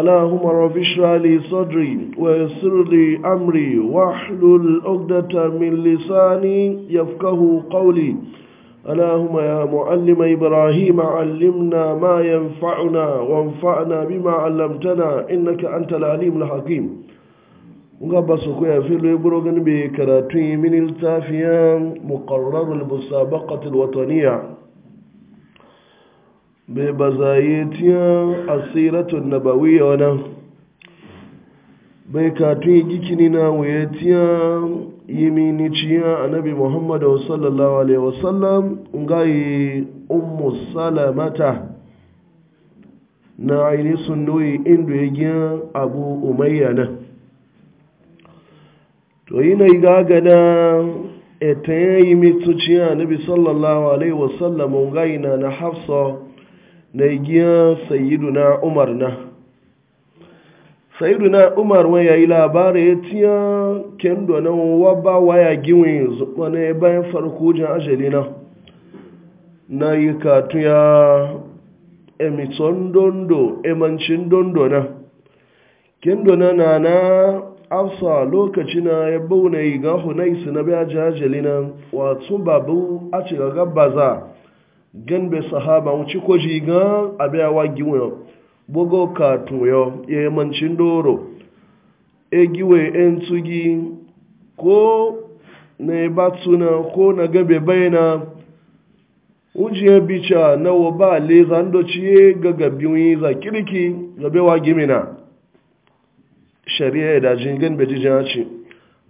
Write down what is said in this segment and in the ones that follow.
اللهم رب اشرح لي صدري ويسر لي امري واحلل عقدة من لساني يفقه قولي اللهم يا معلم ابراهيم علمنا ما ينفعنا وانفعنا بما علمتنا انك انت العليم الحكيم ngaba su koya filo ya buro gani bai karatu yi min littafiyan muqarrarul musabaqatul wataniya bai ba za yi tiyan asiratun nabawiyya wani bai katun yi gikini na wuye tiyan yi mini ciyan annabi muhammadu sallallahu alaihi wasallam ngayi ummu salamata na aini sun doyi inda ya giya abu umayya na to yi na ya ta yi mitu ciyan annabi sallallahu alaihi wasallam ngayi na na hafsa na igiya sayiduna umar na sayiduna umar wani yi labari ya tiya kendo na waba waya giwe wani bayan farko jan ajali na na yi katu ya emiton dondo emancin dondo na kendo na na na afsa lokaci na ya bauna yi ga hunaisu na biya jajali na wato babu a cikin gabaza gan be sahaba wuci ko ji ga abiya wa giwo bogo ka tuyo ye mancin doro e giwe en tugi ko na ba tuna ko na gabe bayana ujiye bicha na wa ba le zando ciye ga gabi za kirki gabe wa gimina shari'a e da jingin bai ji jinaci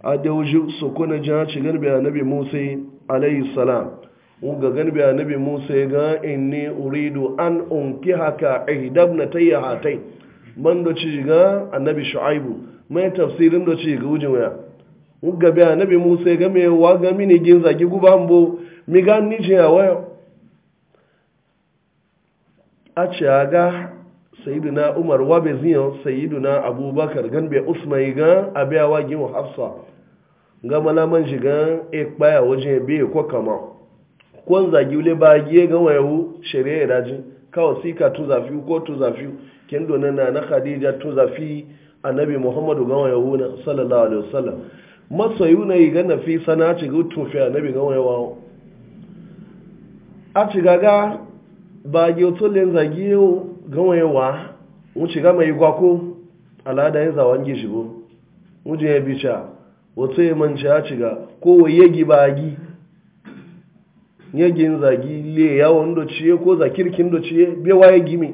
a da wuji su kuna jinaci gan bai annabi musa alayhi salam uga ganbe nabi musa ga inni uridu an unkihaka ihdabnatayya hatai man do ci ga nabi shu'aibu mai tafsirin do ci ga wujin waya uga nabi annabi musa ga me wa ga mini gin zagi guba mbo mi ga ni je waya a ci ga sayyidina umar wa bai ziyo sayiduna abubakar ganbe usman ga biya wa gin hafsa ga malaman shiga e kpaya waje be ko kwan zagi wule ba giye ga wayawu shari'a ya daji kawo sika tun zafi ko tu zafi kin dona na na khadija tun zafi annabi muhammadu ga na sallallahu alaihi wasallam masoyu na yi na fi sana ci ga tun fi annabi ga a ci gaga ba giyo tun len zagi yau ga wayawa mun ci ga mai gwako alada yin zawan gishi bo mun je bicha wato ya manci a ci ga ko waye ba gi yagin zagi le yawon da ciye ko zakirkin da ciye bewa ya gimi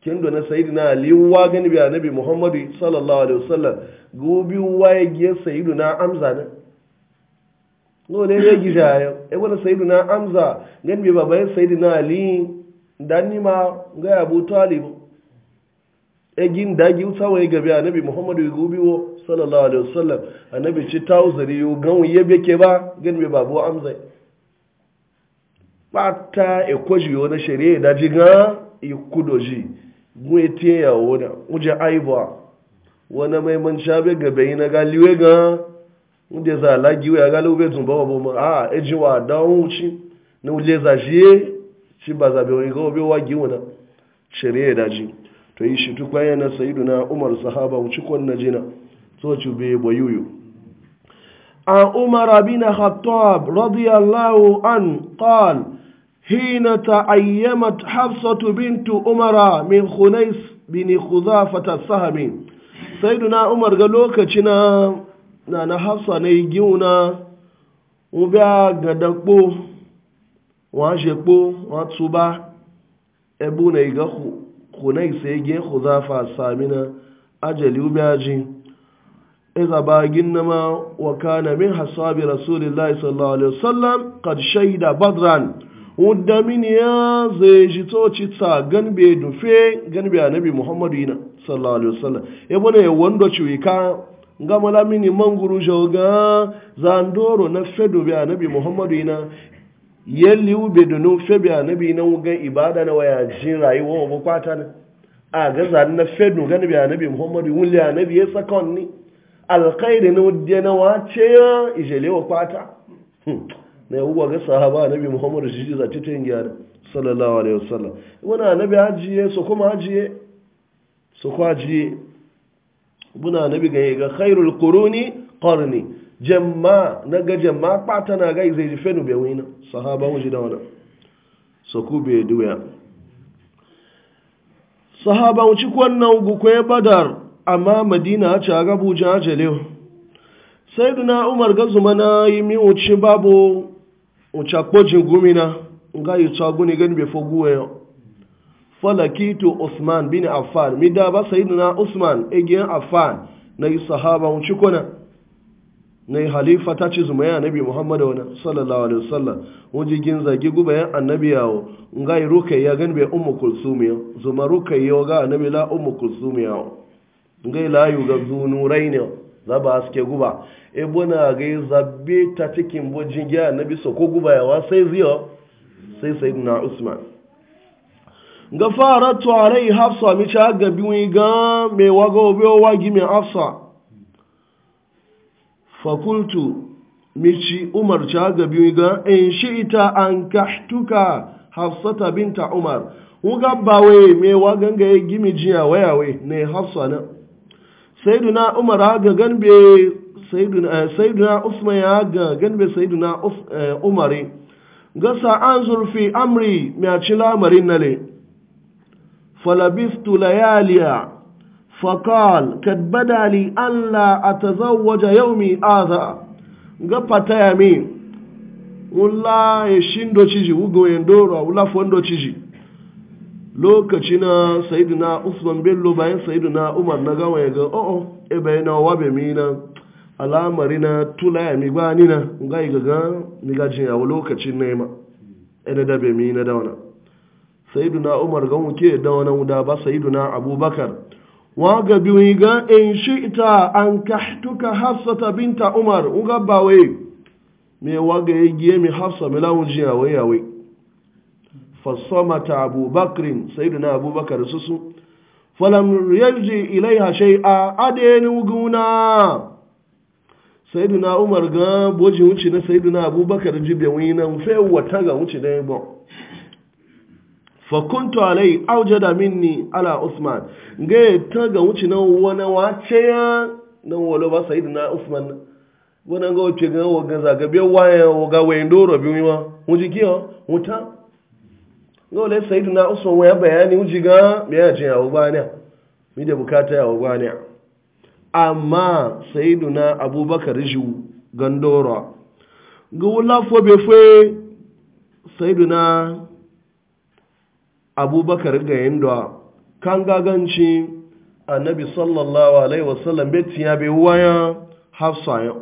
kin do na sayyidina ali wa gani bi annabi muhammadu sallallahu alaihi wasallam gobi wa ya gi sayyidina amza na no le ya gi ja e wala sayyidina amza gani bi baba sayyidina ali dan ni ma ga abu talib e gin dagi utawa ga bi annabi muhammadu gobi wo sallallahu alaihi wasallam annabi ci tawzari yo gan yabe ke ba gani bi babu amza kpata ekoji yo na edaji da jiga ikudoji e gwete ya wona uje aiba wona mai man shabe ga bai na galiwe ga unde za lagiwe ga lube tun ba bo a eji wa na ule za je shi ba za be wani go yi shi tukwa yana sayyiduna umar sahaba najina عن عمر بن رضي الله عنه قال حين تعيمت حفصة بنت أمرا من خنيس بن خذافة السهم سيدنا عمر قال لوكتنا نانا حفصة نيجيونا وبيا قدقو وانشقبو وانتصوبا ابو نيجا خنيس يجي خذافة السامنة أجل وبياجي إذا باقينما وكان من حصاب رسول الله صلى الله عليه وسلم قد شهد بدراً wadda mini ya zai ji toci ta ganbe dufe ganbe annabi muhammadu yana sallallahu alaihi wasallam ya bane wanda ciwe ka gama lamini manguru shoga zandoro na fedo bi annabi muhammadu yana yalli ube da nufe be annabi na wuga ibada na waya jin rayuwa wa bukwata ne a ga zan na fedo ganbe annabi muhammadu wuli annabi ya sakon ni alkhairi na wadda na wace ya ijele wa kwata hmm. na yabuwa ga sahaba nabi muhammadu shi ji zaci ta yin gyara sallallahu alaihi wasallam Muna annabi ajiye su kuma ajiye su kuma ajiye Muna nabi ga ga khairul quruni qarni jamma na ga jamma pata na ga zai jife bai bewina sahaba wuji da wani su ku bai duya sahaba wuci kwannan gukwai badar amma madina ce a gabu jajalewa sai duna umar ga zuma na yi miwuci babu uchakpoji gumina nga yitsaguni gani be yau falakitu usman bin affan mi da ba na usman egiyan affan na yi sahaba uncikona na yi halifa ta ci zuma ya nabi muhammadu wani sallallahu alaihi wasallam wajen gin zagi gubayen annabi yawo nga yi rukai ya gani bai kulsumi kulsumiya zuma rukai ya ga annabi la kulsumi kulsumiya nga yi layu ga zunurai ne za ba haske guba ebona ga zabe ta cikin bojin giya na biso ko gubayawa sai ziyo sai sai na usman ga fara tuwarai hafsa mi ci haga biyu ga mai waga obi wagi mai hafsa fakultu mi umar ci haga biyu ga in shi ita an kahtuka ta binta umar wuga bawe mai wagan ga ya gimi jiya wayawe ne hafsa na sai duna umar haga gan bai Eh, sayyiduna usman ya ga ganbe sayyiduna eh, umari ga an zurfi amri mai ci lamarin nale falabistu layaliya fakal kadbada li allah a tazawwaja yaumi aza ga fataya mi wula ya e shindo ciji wugoyen doro wula fondo ciji lokaci na usman bello bayan sayidina umar na gawa ya ga o'o oh, oh, ebe na wabe mi mina al'amari na tulaya ya migba ni na ga igaga ga jin yawo lokacin nema ina da mi na dauna sayyiduna umar ga muke dauna da ba sayyiduna abubakar wa ga biyu ga in shi ita an kahtuka hafsata binta umar uga wai. me waga ya giye mi hafsa mi lawun jin yawo yawo fasamata abubakar sayyiduna abubakar susu falam ilai ilaiha shay'a adenu guna na umar ga boji wuce na na abubakar jibe na fe wata ga wuce na yabon fakuntu alai auja aujada minni ala usman ga ta ga wuce na wani wace ya na wala ba na usman wani ga wuce ga waga zagabe waya waga wayan doro bi wiwa wuji kiyo wuta ga wala na usman waya bayani wuji ga me ya je wubaniya mi bukata ya wubaniya amma na abubakar jiwu gandora ga wula fobe fe na abubakar ga yinda kan gaganci annabi sallallahu alaihi wasallam betin ya bai waya hafsa ya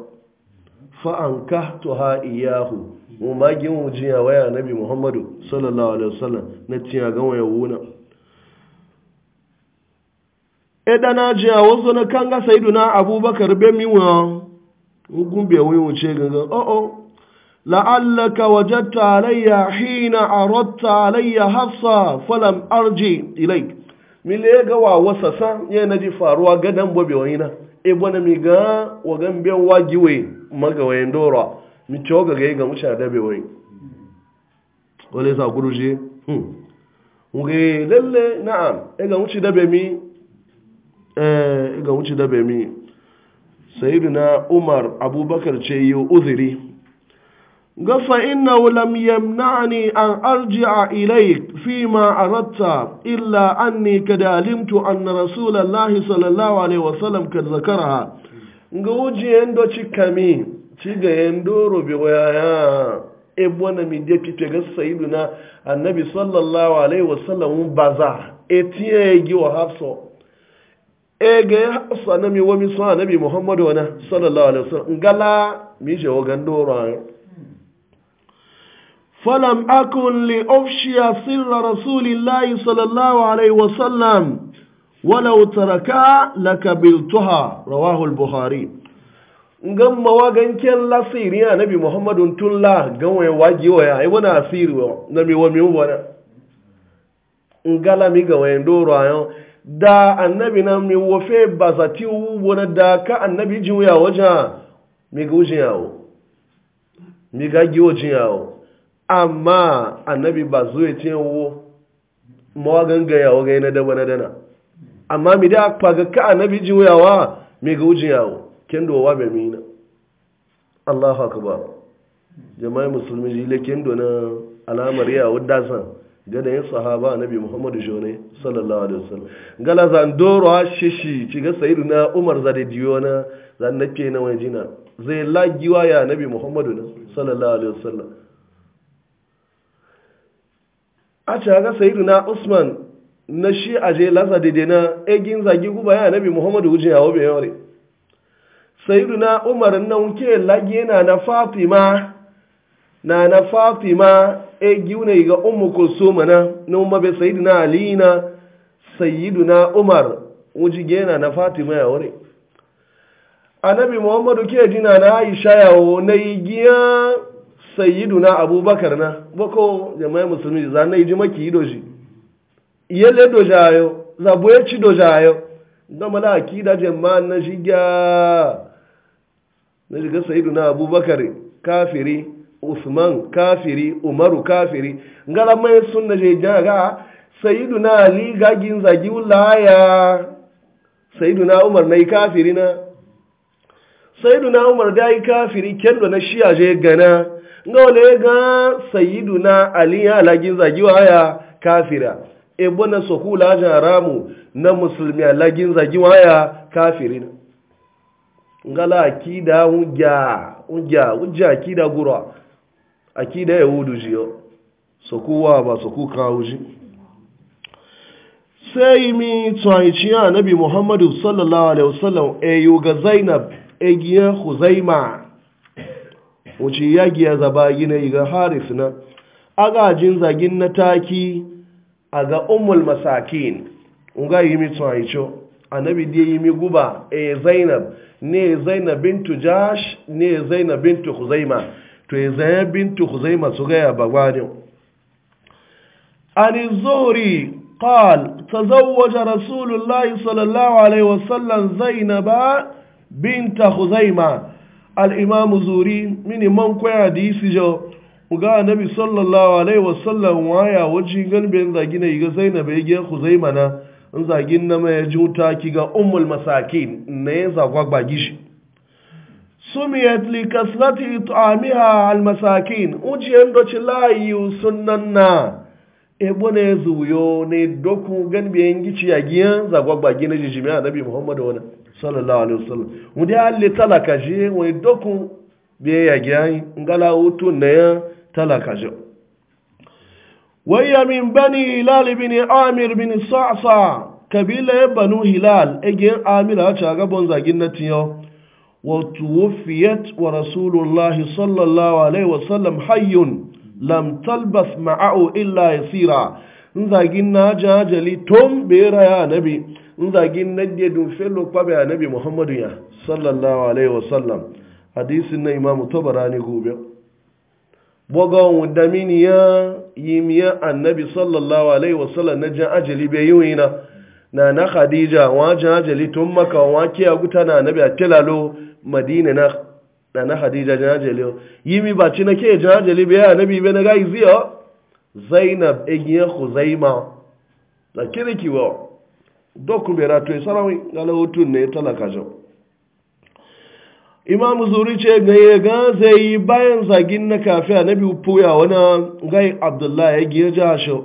fa'an kahtuha iyahu mu magin wujiya waya annabi muhammadu sallallahu alaihi wasallam na tiya ga waya wuna eda na ji a wasu na kanga saidu na abubakar be mi wa hukun be wai wuce ganga o oh, o oh. la'allaka wajadta alayya hina aradta alayya hafsa falam arji ilaik mile e ga wa wasa san ya ji faruwa gada bobe wani na e bona mi ga wa gan be wa giwe maga wayan dora mi choga ga ga mucha da be wani wale sa guruje hmm nge lalle na'am e ga muci da be mi Eh, ga wuce da bemi sayidu na umar abubakar ce yi uzuri ga ina inna lam yamna'ni an a ilai fi ma aradta illa an ka da alimtu an anna rasulullahi sallallahu alaihi wasallam kad ha ga wuce ci kami ci ga yando robe waya ebwana mi fi pipe ga na, annabi sallallahu alaihi wasallam baza etiye gi wa hafsa ege na mi wo mi na anabi muhammadu wana sallallahu alaihi wasallam ngala mi je wo gando ro falam akun li ofshiya sirra rasulillahi sallallahu alaihi wasallam wala utaraka lakabiltuha rawahu al-bukhari ngam wa ganken lasiri anabi muhammadu tulla gawe waji wa ya wana asiri na mi wami wana ngala mi gawe ndoro ayo da annabi na mi wofe ba za ti wani da ka annabi jin wuya wajen a? ga wujin yawo mi gi wujin yawo amma annabi ba zo ya ce wo mawa ganga yawo ga na daba na dana amma mi da kwaga ka annabi jin wuya wa? ga wujin yawo Kendo wa be mina Allahu akbar jama'i musulmi jile kendo na alamar yawon da gada yin sahaba nabi muhammadu shone sallallahu alaihi wasallam gala zan doro shishi ga sayidu na umar zade diyo na zan nake na wani jina zai lagiwa ya nabi muhammadu na sallallahu alaihi wasallam a ga sayidu na usman na shi aje lasa dede na egin eh, zagi guba ya nabi muhammadu wujin yawo bai yawari sayidu na umar na wuke lagi na na fatima na na fatima e giuna ga ummu kulsum na na umma sayyidina ali na sayyiduna umar uji na fatima ya wore annabi muhammadu ke jina na aisha yawo na giya sayyiduna abubakar na boko jama'a musulmi za na ji maki ido shi yele dojayo zabo ci dojayo gama la akida jama'a na shiga na shiga sayyiduna abubakar kafiri usman kafiri umaru kafiri ngala mai sunna je jaga sayyiduna ali gagin zagi ulaya sayyiduna umar nai kafiri na sayyiduna umar dai kafiri kendo na shiya je gana ngole ga sayyiduna ali ya lagin zagi waya kafira ebo na sokula jaramu na musulmi lagin zagi waya kafiri ngala akida unja unja unja akida gura akida yahudu jiyo sokuwa ba soku kawo ji sai mi ya Nabi muhammadu sallallahu alaihi wasallam e ga zainab e giya huzaima wuce ya giya zaba gina iga haris na agajin zagin na taki a ga umul masakin nga yi mi tsohicio annabi dai yi mi guba e zainab ne zainab bintu jash ne zainab bintu huzaima to gaya ba khuzaima suga ya bagwani alizuri qal tazawaja rasulullahi sallallahu alayhi wa sallam zainaba binta ma alimamu zuri mini man mankwa ya hadisi jo uga nabi sallallahu alayhi wa sallam waya waji ganbe nzagina yiga zainaba yiga khuzaima na nzagina ma yajuta kiga umul masakin ne za gwagba gishi sumiyat li kasrati it'amiha al masakin ujiyan do ci layu sunnan na ebo ne zuyo ne doku gan biyan gici a giyan zagwagba gina jijimi a nabi muhammadu wani wani alli talaka je wani doku biyan ya giyan ngala hutu na ya talaka je waya min bani hilal bin amir bin sa'sa kabila ya banu hilal egiyan amir a ci a gabon zagin na yau. وتوفيت ورسول wa صلى الله عليه وسلم حي لم تلبث معه إلا يسيرا nzagin na jajali tom bera ya nabi nzagin na je dun fello kwabe muhammadu ya sallallahu alaihi wasallam hadisin na imamu tabarani gobe bogon wudamini ya yi yimiya annabi sallallahu alaihi wasallam na jan ajali bai yi na na na khadija wajen hajjali tun maka wake a guta na nabi a tilalo madina na na na khadija jan hajjali yi mi ba ci na ke jan hajjali biya na nabi bai na gai ziyo zainab egiyar huzaima da kirki wa dokun bai rato ya sarawin galahutun ne talaka jau imam zuri ce ga ya ga zai yi bayan zagin na kafi a nabi puya wani gai abdullahi ya giyar jihar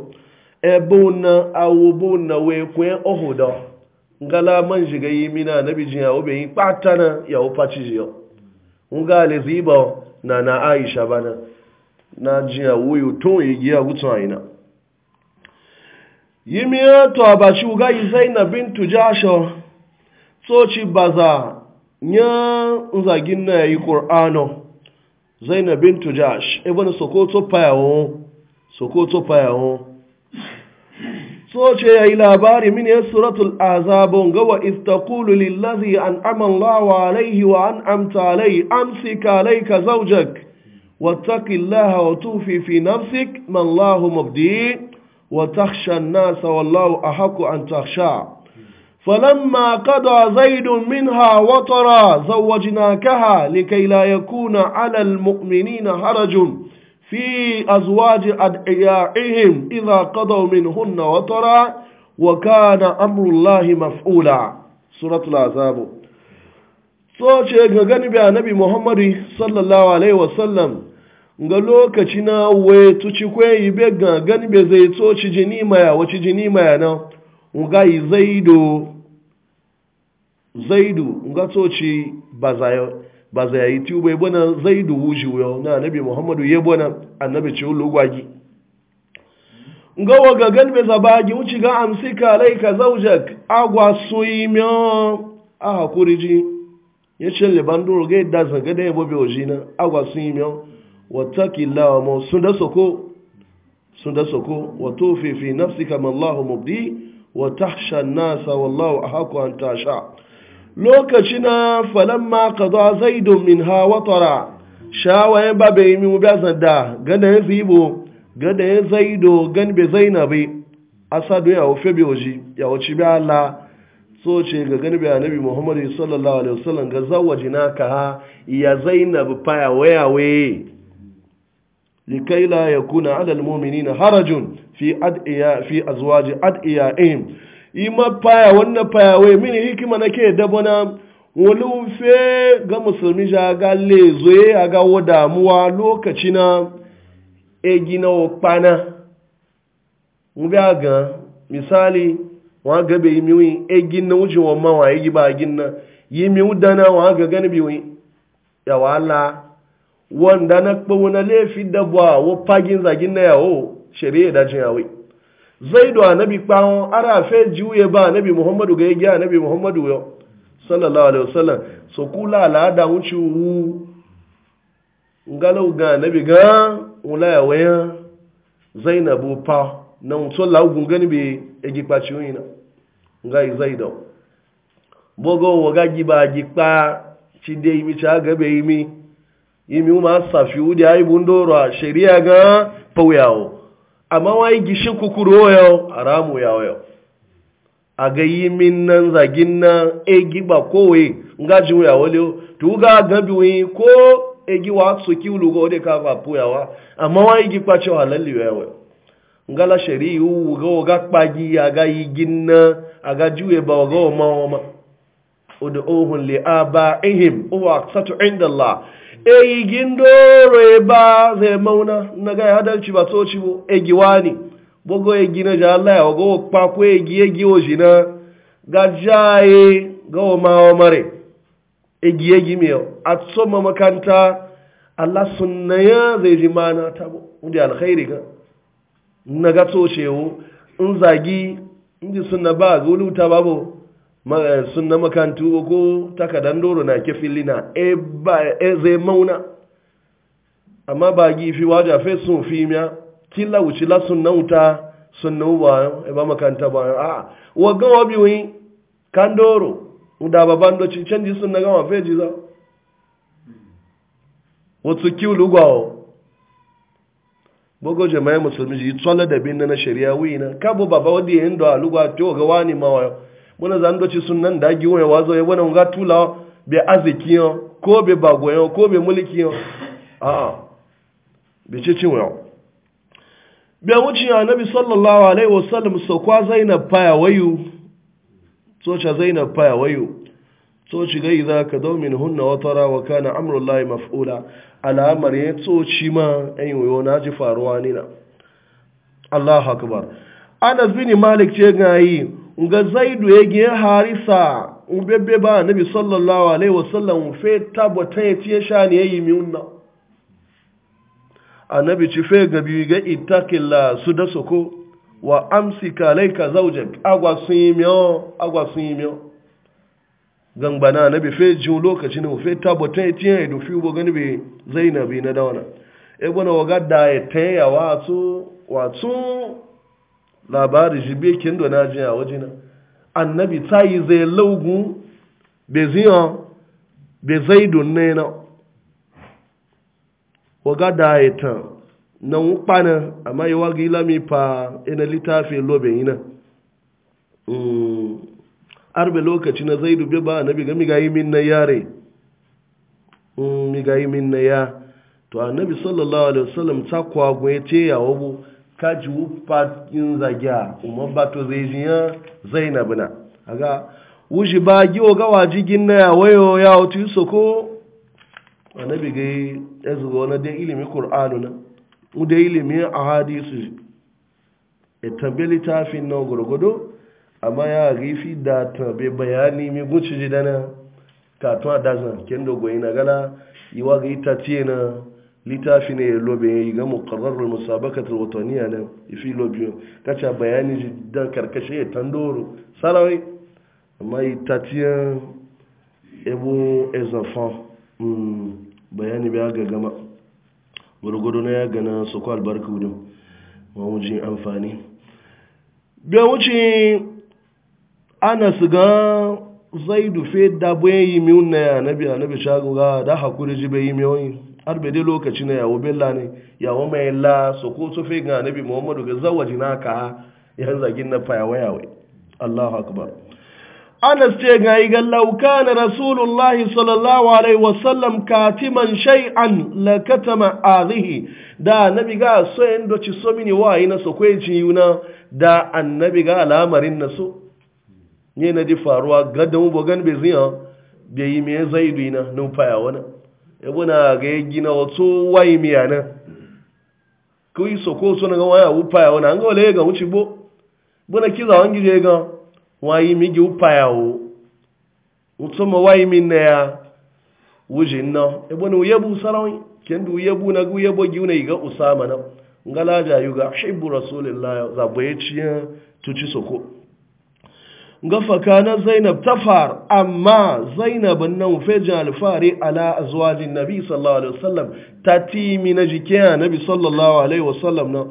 ebe una awo na we kwe ohuda ngala man jiga yi mina na bijin ya obe yi patana ya opa cijiyo nga le ziba na na aisha bana na jiya wuyu tun yi giya gutsun aina yi miya to abashi uga yi zainab bintu jasho tsoci baza nya nzagin na yi qur'ano zainab bintu jash ibn sokoto payawo sokoto payawo سوچه يا إلى بار من سورة الأعزاب قوة إذ تقول للذي أنعم الله عليه وأنعمت عليه أمسك عليك زوجك واتق الله وتوفي في نفسك ما الله مبديه وتخشى الناس والله أحق أن تخشى فلما قضى زيد منها وطرا زوجناكها لكي لا يكون على المؤمنين حرج fi azwaji أدعيائهم إذا قضوا منهن watara wa أمر الله maf'ula سورة العذاب so ce ga gani bi annabi muhammadu sallallahu alaihi wasallam ga lokaci na waye tuci kwayi be ga gani be zai to ci jini maya wace jini maya na nga yi zaido zaidu nga to ci bazayo ba za yi tiyo bai bana zai da wuji wuyo na annabi muhammadu ya bana annabi ce wulu gwagi ga waga galbe zabagi wuce ga amsi ka laika zaujak agwa soyi miyan a hakuri ji ya ce liban duro ga yadda zaga da yabo bai waje na agwa soyi miyan wata kilawa ma sun da soko sun da soko wato fifi nafsi kamar allahu mubdi wa tahsha nasa wallahu a haku an tasha lokaci na falon falamma qada zaidun ha watara shawaye ba bai mi mu bazan da gada ya zibo gada ya zaido gan bai a sadu ya wufe bai oji ya wuce bai Allah so ce ga gani anabi muhammadu Muhammad sallallahu alaihi wasallam ga zawajina ka ya zainab fa ya wayawe لكي لا يكون على المؤمنين حرج في أدعياء fi أزواج أدعيائهم ima paya wanda paya wai mini hikima nake na wani fe ga musulmi ja ga ye a ga wadamuwa lokaci na egi na okpana a aga misali wa ga yi yimi wi egi na uji wa ma wa yi ba agin na mi udana wa ga gani bi wi ya wala wanda na kpo na lefi dabwa wo pagin zagin na yawo shari'a dajin yawo zaidu anabi kpawo ara fe juye ba anabi muhammadu ga yage anabi muhammadu yau sallallahu alaihi wasallam so kula al'ada wuce wu ngalau ga anabi ga wula ya waya zainabu pa na wuto lagun gani be egi kpaci yina ngai zaidu bogo waga giba gipa chide imi cha gabe imi imi uma safi udi ai bundoro sheria ga pawawo amma wai gishi kukuro yau haramu yau yau a ga yi min nan zagin nan egi ba kowe nga ji wuya wale to ga gabi wi ko egi wa so ki ulu go de ka fa puyawa amma wa igi pa cho halalli wewe ngala shari u go ga pagi aga igin na aga juwe ba go ma ma ud'uhum li abaihim wa aqsatu inda eyigin doro eba zai mauna na ga hadalci ba so ci bo egiwa ne bogo egi na ji Allah ya ogo pa ko egi egi o jina ga jaye gawa ma ọmarị mare egi egi mi o atso ma makanta Allah sunna ya zai mana ta bo undi alkhairi ga na ga so cewo in sunna ba ga uluta babo Eh, sun na makantu ko takadan doro na ke filina e, e zai mauna amma ba gifi waje fe sun fi miya kila wuce la sun nauta sun na uba e ba makanta ba a wa ga wa biwi kan doro da baban do cin canji sun na gama fe jiza wato kiwulu o bogo jama'a musulmi ji tsola da bin na shari'a wi na kabo baba wadi yin do lugwa to ga wani mawa. bana zan doci sunan da giwo ya wazo ya Wani nga tula be aziki ko be yau ko be mulki a a be yau. wa be yana nabi sallallahu alaihi wasallam so kwa zainab faya wayu so zainab faya wayu tsoci gai za ka domin hunna watara wa kana amurin layi maf'ula al'amar ya tsoci ma yan yiwu na ji faruwa nina Allah akbar Anas bin Malik ce yi. nga zaidu ya gina harisa ubebe ba nabi sallallahu alaihi wasallam fe tabbata ya ciye sha ne yayi a nabi ci fe gabi ga ittakilla su da soko wa amsika laika zawjak agwa sun yi miyo agwa sun yi miyo gangbana nabi fe ji lokaci ne fe tabbata ya ciye ya dufi bo gani be zainabi na dawana e bona waga da ya tayawa su wato labari shi be kin do na je a waje na annabi tayi zai laugu be zion be zaidun ne na waga da ita na nkpana amma yi waga ilami pa ina littafi lobe ina mm. arbe lokaci na zaidu be ba annabi ga mi yi min na yare mm, mi yi min na ya to annabi sallallahu alaihi wasallam ta kwagwe ce ya wabu kaji wufatin zagiya umar bato zai jiya zainab na aga wuji ba giwo ga wajigin na ya wayo ya wutu yi soko annabi ga ya zuwa na dai ilimin kur'anu na mu dai ilimin a hadisu ya tabi littafin na gwargwado amma ya rifi da tabi bayani mai guci jidana katon adazan kendo goyi na gana yi wa ga itace na littafi ne ya lobe ya yi ga mukarrarul musabakatul wataniya na ifi lobe kacha bayani ji dan karkashe ya tandoro sarawai amma yi tatiyan ebo ezafan bayani bai ga gama gurgudu na ya gana su kwa albarka wudin mawujin amfani biya wuce ana su ga zaidu fe dabo ya yi miun na ya nabi a nabi shagoga da hakuri ji bai yi miyoyin har bai dai lokaci na yawo bella ne yawo mai la so ko to fe ga nabi muhammadu ga zawaji na ka yan zagin na fayawa yawo allahu akbar anas ce ga yi gallau kana rasulullahi sallallahu alaihi wasallam katiman shay'an la katama azihi da nabi ga so yin do ci so mini wa yi na so ko ci yuna da annabi ga alamarin na so ne na di faruwa gadan bogan bezin ya bai yi me zaidu na numfaya wani ebona ga egina otu wayi miya ka kuyi soko so na ga waya upa ya na nga ole ga uchi bụ bona kiza wangi je ga wayi mi gi upa ya o uto mo wayi mi na ya wuji no ebona uyebu sarawi kendo na gu yebo gi una iga usama na ngala ja yuga hibbu rasulillahi za boye soko ga fakana zainab ta faru. amma zainab nan fejin alfari ala azwajin nabi sallallahu alaihi wasallam ta timi na jikiya a nabi sallallahu alaihi wasallam na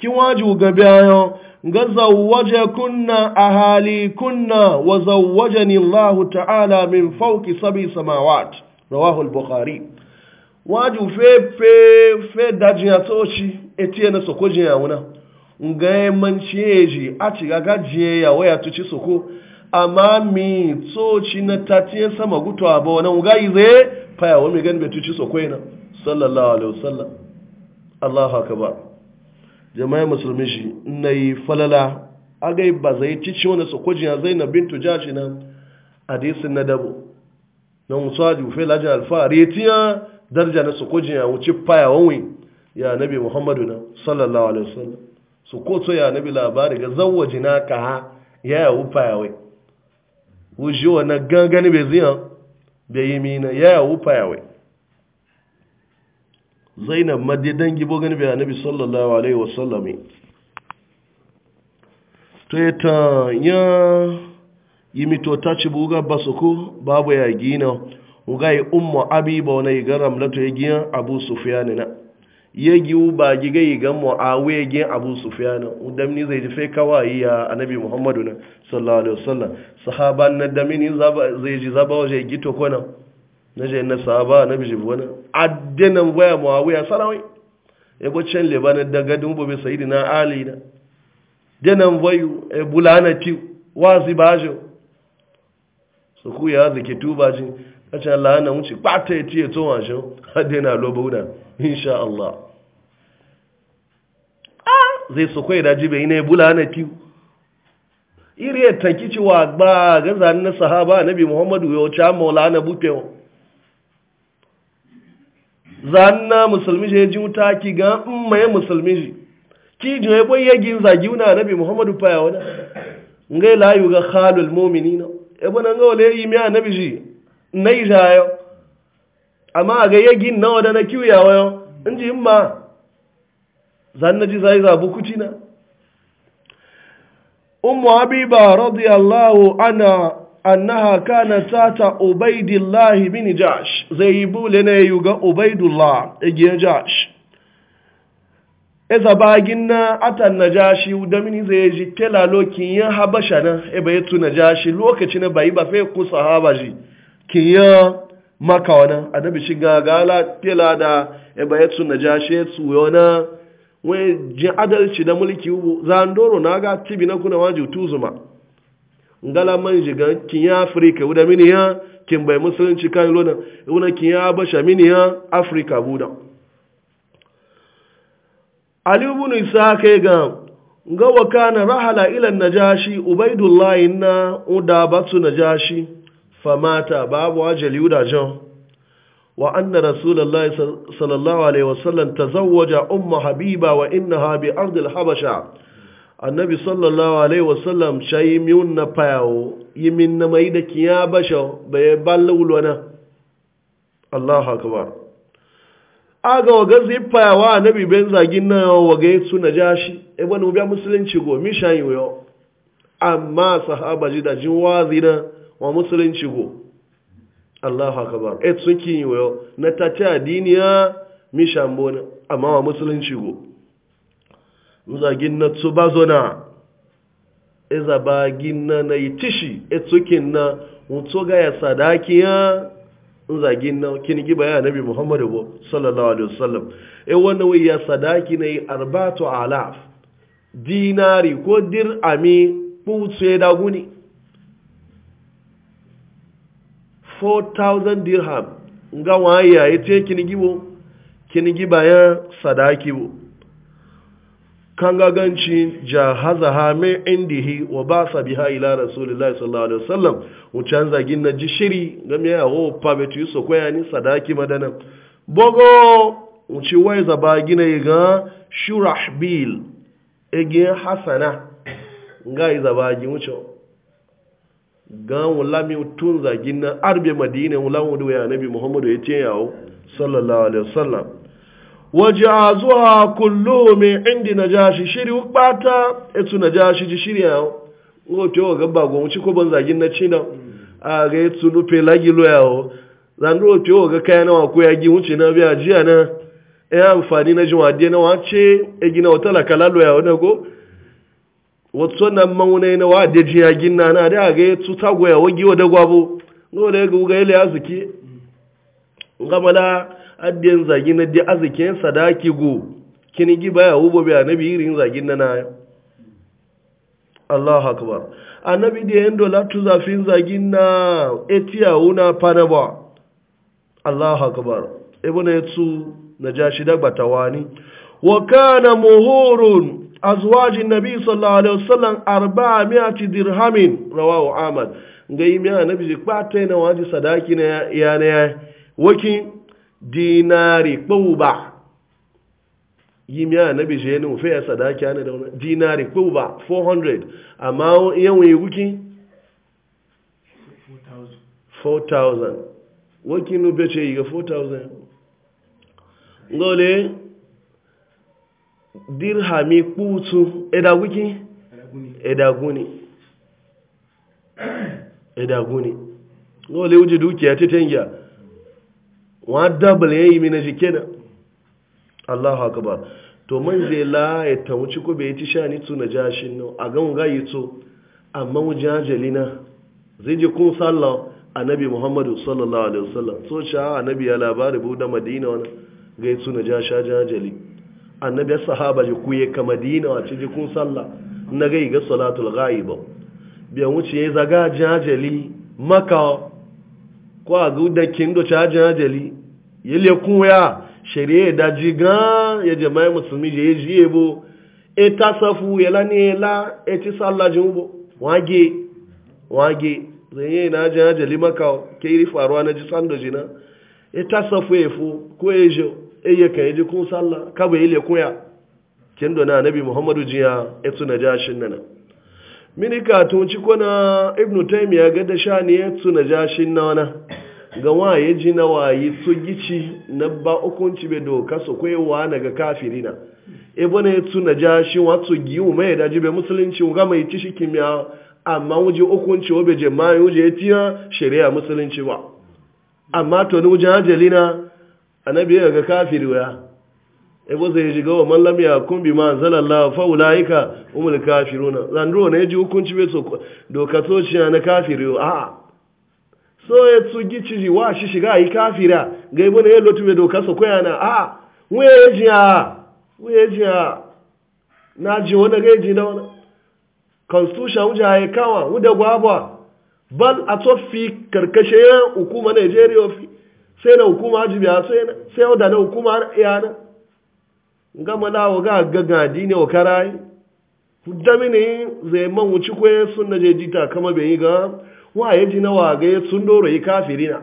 kin waju ga bayan ga zawwaje kunna a hali kunna wa zawwajani Allah ta'ala min fauki sabi samawat Rawahul bukhari waju fe fe fe dajin atochi etiye na sokojin ya wuna ngaye manceji a gaga gajiye ya waya ci soko amma mi ci na tatiyan e sama gutu a bawa nan ga ize faya wani gani bai tuci soko yana e sallallahu alaihi wasallam Allahu akbar jama'a e musulmi shi nayi falala agai ba zai cici wani soko jiya Zainab bintu Jashi nan hadisin na dabo nan musadi fe lajin alfari tiya darja na soko jiya wuci faya wani ya nabi Muhammadu na? sallallahu alaihi wasallam su ko tsoya na bi labari ga zawaji na ka ha ya yi wufa ya wai wuji wa na gangani bai ziyan bai yi mina ya yi wufa ya wai zainab Madi dangi bo gani bai annabi sallallahu alaihi wasallam to ta ya yi mito ta ci buga ku? babu ya gina umma abi abiba wani garam lato ya gina abu ne na ya giwu ba giga yi gan ya gen abu sufiyana damni zai jefe kawai ya anabi muhammadu na sallallahu alaihi wasallam sahaba na damini zai ji zaba waje gito kona na je na sahaba na biji wani addinan waya a sarawai ya leba na daga dubu bai sayi na ali na dinan wayu a bulana ti wazi bajo su ku ya zaki tuba jin kacin la'ana wuce kwata ya tiye tsohon shi hadina lobauna insha Allah A zai su da daji bai ne bula na tiyu iri ya tanki cewa ba ga zan na sahaba nabi Muhammadu ya wuce maulana bufewa zan na musulmi ya ji wuta ki ga mai musulmi ji ki ji bai ya yagi zagi na nabi Muhammadu fa ya ngai layu ga khalul mu'minina ibn e an ga wale yi mi annabi ji nai jayo amma ga yagin nawa da na kiwiya wayo in ji himma zan na ji sai zabu na? ummu habiba radiyallahu anha annaha kanat tata ubaidillah bin jash bule ne yuga ubaidullah ege jash eza bagin na atan najashi da mini zai ji kela lokin yan habasha na e bai tu najashi lokaci na bai ba fai ku sahaba ji kiyan maka wani adabi shiga gala tela da eba ya na jashe wani jin adalci da mulki ubu ndoro na ga tibi na kuna waje tuzuma ngala man jiga kin ya afirka wuda mini ya kin bai musulunci kan lona wuna kin ya basha mini ya afirka buda ali ibn isa kai ga ga wa kana rahala ila najashi ubaidullahi na udabatu najashi famata babu ajali wudajen wa anna rasulullahi sallallahu alaihi wasallam tazawwaja umma habiba wa innaha bi ardil habasha annabi sallallahu alaihi wasallam shayi miyun na payawo yimin na mai da kiya basha bai balla wulwana Allahu akbar aga waga zipaya wa annabi ben zagin na waga su najashi e bani mu biya musulunci go mi shayi yo amma sahaba ji da jin na. wa musulunci go Allahu akbar eh sun kin wayo na ta ta diniya mi shambo ne amma wa musulunci go muzagin na tsubazona iza ba ginna na yitishi et sukin na e mutso ga ya sadakiya zagin na kin gi baya nabi muhammadu sallallahu alaihi wasallam eh wannan wai ya sadaki ne arbatu alaf dinari ko dir'ami kutse da guni 4,000 dirham nga waya ya ce kinigi bo ya bayan sadaki bo kan gaganci jahaza ha mai indihi wa ba sa biha ila rasulullahi sallallahu alaihi wasallam wucan zagin na ji shiri ga me yawo pabetu yuso koya ni sadaki madana bogo wuci wai zaba gina ga shurahbil ege hasana ga zaba gi wucin ga wulami tun zagin na arbe madina wulamu da ya nabi muhammadu ya ce yawo sallallahu alaihi wasallam waje a zuwa kullu mai indi na jashi shiri bata etu na jashi ji shiri yawo ko ce wa gaba go ci ko zagin na cina a ga etu nufe lagi lo yawo zan ro ce wa ga kaya na ko ya gi wuce na biya jiya na ya amfani na juma na wace egina wata la kala lo yawo na go wato nan mauna na wa da jiya ginna na da ga tu ta goya wagi wa da gwabo no da ga ga ile azuki ngamala addiyan zagin na da azuki sadaki go kini gi baya ubo bi annabi irin zagin na Allahu akbar annabi da yando dola tu zafin zagin na etiya una panaba Allahu akbar ibn yatsu najashi da batawani wa kana muhurun أزواج النبي صلى الله عليه وسلم أربعمائة درهم رواه أحمد غي ميا نبي زي باتين واجي صداكين يعني وكي ديناري قوبا يميا نبي جيني وفيا صداكي أنا دونا ديناري قوبا 400 أما يوي وكي 4000 وكي نبي شيء 4000 ngole dirhami kputu edagwiki edaguni edaguni ngole uji ya titengiya wa double yayi mina jikena Allahu akbar to man zai la ya tawuci ko bai ti shani tu na jashin no a gan ga yito amma mujajalina zai je kun sallah annabi Muhammadu sallallahu alaihi wasallam so cha annabi ya labari bu da Madina wannan ga yito na jasha jajali annabi sahaba ji kuye ka madina a ji kun sallah na gai ga salatul ghaiba biya wuce ya zaga jajali maka ko a gudan kindo cha jajali ya le ya shari'a da jiga ya jama'a musulmi je ya jiye bo e safu ya la ne la e ti sallah wage wage zai na jajali maka ke iri faruwa na ji sando jina e tasafu fo ko ejo eye kan yi kun sallah ka bai ile kuya kin dona annabi muhammadu jiya etu jashin nana mini ka tun ci kona ibnu taymiya ga da shani etu najashin nana ga waye ji na waye su gici na ba hukunci be doka su kwaiwa daga kafirina e bane etu najashin wato giwu mai daji be musulunci ga mai ci shi kimya amma wuje hukunci obe je mai wuje tiya shari'a musulunci ba amma to ni wuje ajalina annabi ya ga kafiri waya ebo zai shiga wa mallam ya kun bi ma zalallahu fa ulaika umul kafiruna zandro ne ji hukunci be so doka so shi na kafiri a so ya tsugi ciji wa shi shiga yi kafira ga ibo ne ya lotu be doka so koya na a ya ji a wuye ji a na ji wani ga ji da wani constitution wuce ya kawa wuda gwagwa bal a tsofi karkashe hukumar Nigeria fi sai na hukuma ji biya sai wadda na hukuma yana gama lawa ga gaga dine wa karayi da mini zai man wuci kwaye sun na jeji ta kama bai yi ga wa ya ji na waga sun doro yi kafiri na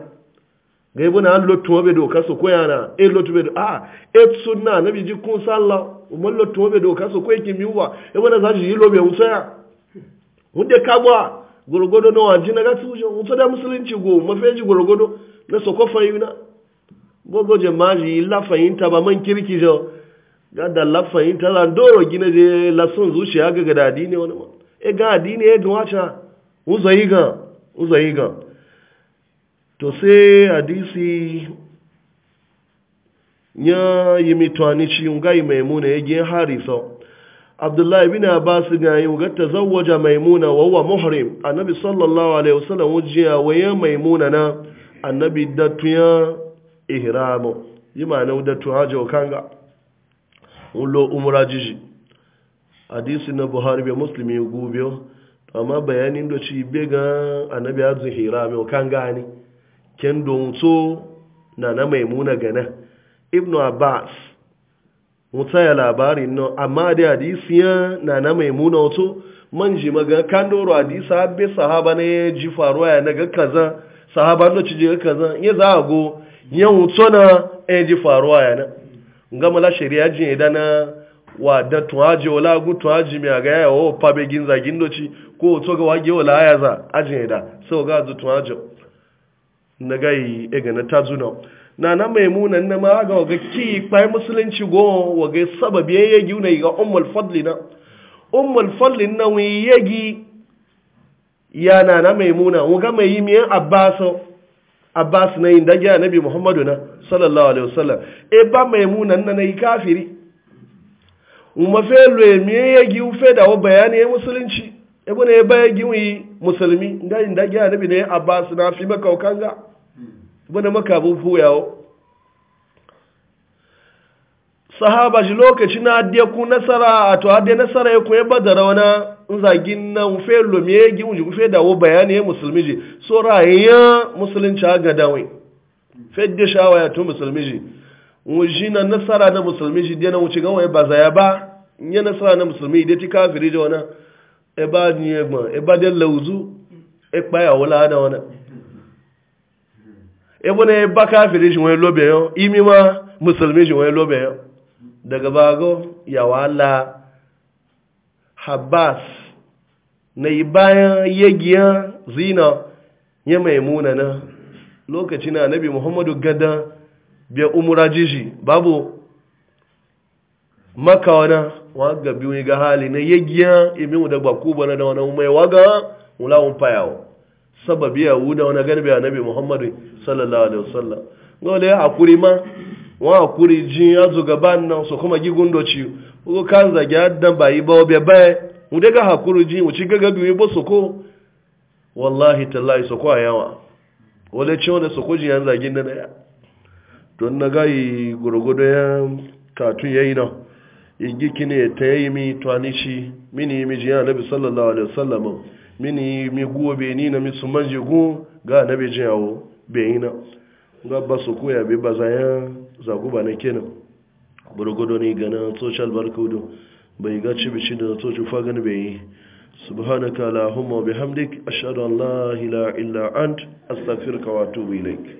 ga yi buna an lotu mabe doka su koya na e lotu mabe a e sunna na biji kun salla umar lotu mabe doka su koya kimi wa e bana za ji yi lobe musaya wunde Kagwa Gorgodo na waji na gasu wuce da musulunci go mafi ji Gorgodo? na soko fahimna gogo je maji la fahimta ba man kirki jo ga da la fahimta la doro gina je la son zuciya ga ga dadi ne wani ma e ga dadi e ga wacha uzayi ga uzayi ga to sai hadisi ya yi mitwani ci nga yi maimuna ya e gen harisa abdullahi bin abbas ga yi ga tazawwaja maimuna wa huwa muhrim annabi sallallahu alaihi wasallam wajiya wa ya maimuna na annabi datuya ihramu yi ma'ana datu hajji kanga ulo umra jiji hadisi na buhari bai muslimi gobe amma bayanin da ci be annabi hajji ihramu kanga ne ken donso na na maimuna gana ibnu abbas mutaya labari nan amma da hadisi ya na na maimuna wato man ji maga kan doro hadisa be sahaba ne ji faruwa ya naga kaza sahaba no ci kaza ya za go yan wutso na e ji faruwa ya na gama la shari'a jin ida na wa da tuwaji wala gu tuwaji mai aga ya o pabe ginza ci ko wutso ga wage wala ya za ya ida sau ga zu tuwaji na gai e ga na zuna na na maimuna na ma ga ga ki pai musulunci go wa ga sababi wuna e yi ga umar fadli na umar fadli na wi yagi. yana na maimuna wuga mai yi miyan abbaso abbas na yin dagiya nabi muhammadu na sallallahu alaihi wasallam e ba maimuna na na yi kafiri umafe lwe miyan ya gi ufe da wa bayani ya musulunci e bune ya baya gi yi musulmi ga yin dagiya nabi ne abbas na fi maka kanga bune maka bu fuyawo sahaba shi lokaci na adiya nasara a to adiya nasara ya ku ya badara wani in zagin na ufe lomiye gi unji fe da wo bayani ya musulmi ji so rayuwa musulunci ga dawai shawa ya to musulmi ji unji na nasara na musulmi ji dena wuce ga wai ba zaya ba nye nasara na musulmi ide ti kafiri jo na e ba ni e gba e ba de lauzu e kpa ya wala da wana e bona e ba kafiri ji wani lobe yo imi ma musulmi ji wani lobe yo daga bago ya wala habas na yi bayan yagiya zina ya maimuna na lokaci na nabi muhammadu gada biya umura jiji babu maka wana waga biyu ga hali na yagiya ibi mu da bakuba na wani mai waga mulawun fayawa sababi ya wuda wani gani biya nabi muhammadu sallallahu alaihi wasallam gole ya akuri ma wa akuri kuri jin ya zuga ban nan su kuma gigun doci ko kan zagi addan bayi ba obe mu daga hakuru ji mu ci gaga biyu ba soko wallahi tallahi soko a yawa wale ce wanda soko ji yan zagin na daya don na gayi gurgudu ya katu ya yi nan igi kine ta yi mi twanishi mini mi ji yana nabi sallallahu alaihi wasallama mini mi guwa ni na mi suman manji gu ga nabi ji yawo be yi nan ga ba soko ya bi ba zagu zaguba na kenan gurgudu ne ganin social barcode bai ga cibici da zato cufa gani bai yi subhanaka allahumma bihamdik ashhadu ashadu la ilaha illa ant astaghfiruka wa atubu ilaik